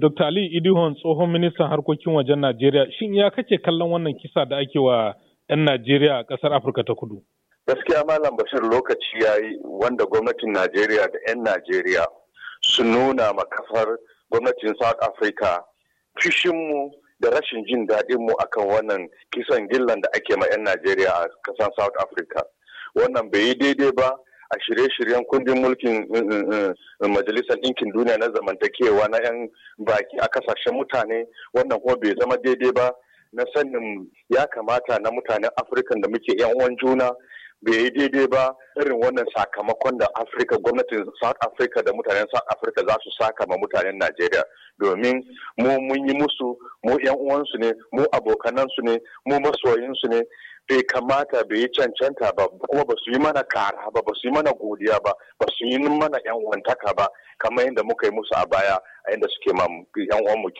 Dr. Ali Idihon tsohon ministan harkokin wajen Najeriya shin ya kake kallon wannan kisa da ake wa 'yan Najeriya a ƙasar Afirka ta kudu? Gaskiya Malam Bashir lokaci ya yi wanda gwamnatin Najeriya da 'yan Najeriya su nuna ma makafar gwamnatin South Africa fishinmu da rashin jin daɗinmu a kan wannan kisan gillan da ake ma 'yan Najeriya a ƙasar South Africa. Wannan bai yi daidai ba a shirye-shiryen kundin mulkin eh, eh, eh, majalisar ɗinkin duniya na zamantakewa na 'yan baki a kasashen mutane wannan kuma bai zama daidai ba na sanin ya kamata na mutanen afirka da muke 'yan uwan juna bai yi daidai ba irin wannan sakamakon da afirka gwamnatin south africa da mutanen south africa za su saka ma mutanen najeriya domin mu mun yi musu mu yan uwansu ne mu abokanansu ne mu masoyinsu ne bai kamata bai yi cancanta ba kuma ba su yi mana kara ba ba su yi mana godiya ba ba su yi mana yan wantaka ba kamar yadda muka yi musu a baya a yadda suke ma yan uwan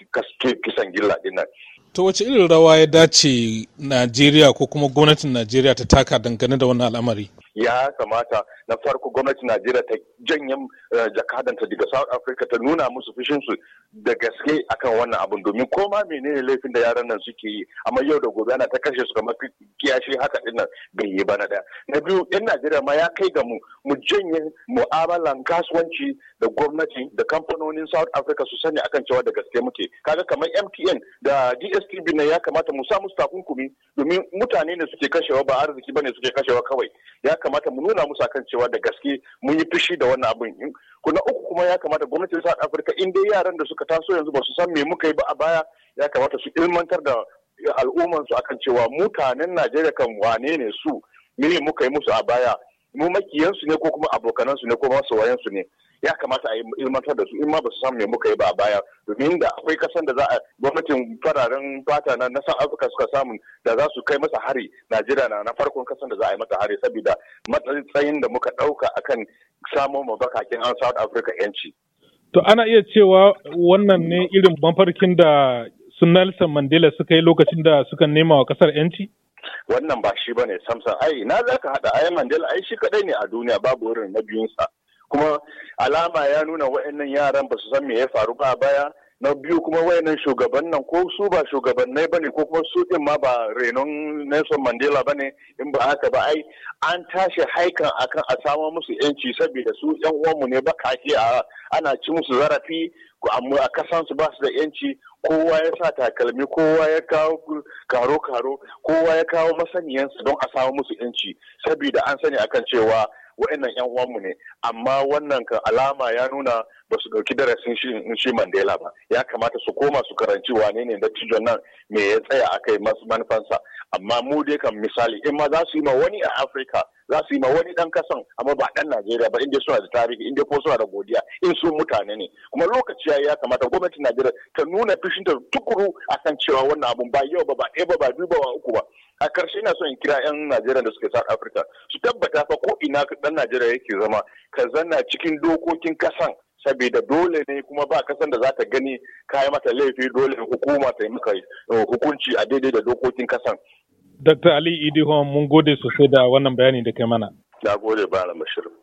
kisan gilla dinnan. to wace irin rawa ya dace najeriya ko kuma gwamnatin najeriya ta taka dangane da wannan al'amari ya kamata na farko gwamnatin najeriya ta janye eh, jakadanta daga south africa ta nuna musu fushinsu da gaske akan wannan abun. domin koma menene laifin da yaran nan suke yi amma yau da gobe ana ta kashe su kamar kiyashi haka din nan bai yi ba na daya na biyu yan najeriya ma ya kai ga mu mu janye mu'amalan kasuwanci da gwamnati da kamfanonin south africa su sani akan cewa da gaske muke kaga kamar mtn da dstv na ya kamata mu sa musu takunkumi domin mutane ne suke kashewa ba arziki ba ne suke kashewa kawai ya kamata mu nuna musu akan cewa da gaske mun yi fushi da wannan abin na uku kuma ya kamata gwamnatin South Africa in dai yaran da suka taso yanzu ba su san me muka yi ba a baya ya kamata su ilmantar da al'umman su akan cewa mutanen Najeriya kan wane ne su me muka yi musu a baya mu makiyansu ne ko kuma abokanansu ne ko masoyansu ne ya kamata a yi ilmantar da su in ma ba su samu ne muka yi ba a baya domin da akwai kasan da za a gwamnatin fararen fata na na afirka suka samu da za su kai masa hari najeriya na na farkon kasan da za a yi mata hari saboda matsayin da muka ɗauka akan samo ma bakakin an south africa yanci to ana iya cewa wannan ne irin mafarkin da sun Nelson Mandela suka yi lokacin da suka nema wa kasar yanci? Wannan ba shi ba ne, Samson ai na za ka haɗa ai Mandela ai shi kaɗai ne a duniya babu wurin na biyunsa. Kuma alama ya nuna wa'annan yaran ba su san me ya faru ba baya na biyu kuma wayannan shugaban nan ko su ba shugabannai ba ne ko kuma su din ma ba renon Nelson Mandela ba ne in ba haka ba ai an tashi haikan akan a samu musu yanci saboda su yan uwanmu ne ba a ana ci musu zarafi amma a kasan su ba su da yanci kowa ya sa takalmi kowa ya kawo karo karo kowa ya kawo masaniyansu don a samu musu yanci saboda an sani akan cewa wa'annan yan mu ne amma wannan kan alama ya nuna ba su dauki darasin shi Mandela ba ya kamata su koma su karanci wane ne da tijon nan me ya tsaya akai masu manufansa amma mu dai kan misali in ma za su yi ma wani a Afirka za su yi ma wani dan kasan amma ba dan Najeriya ba inda suna da tarihi inda ko suna da godiya in su mutane ne kuma lokaci ya kamata gwamnatin Najeriya ta nuna fishinta tukuru akan cewa wannan abun ba yau ba ba ɗaya ba ba biyu ba ba uku ba a ƙarshe na son in kira 'yan najeriya da suke south africa su tabbata fa ko ina ɗan najeriya yake zama ka zanna cikin dokokin kasan saboda dole ne kuma ba kasan da za ta gani yi mata laifi dole hukuma ta yi maka eh, hukunci a daidai da dokokin kasan Dr. Ali Idihon mun gode sosai da wannan bayani da kai mana. Na gode ba Bashir.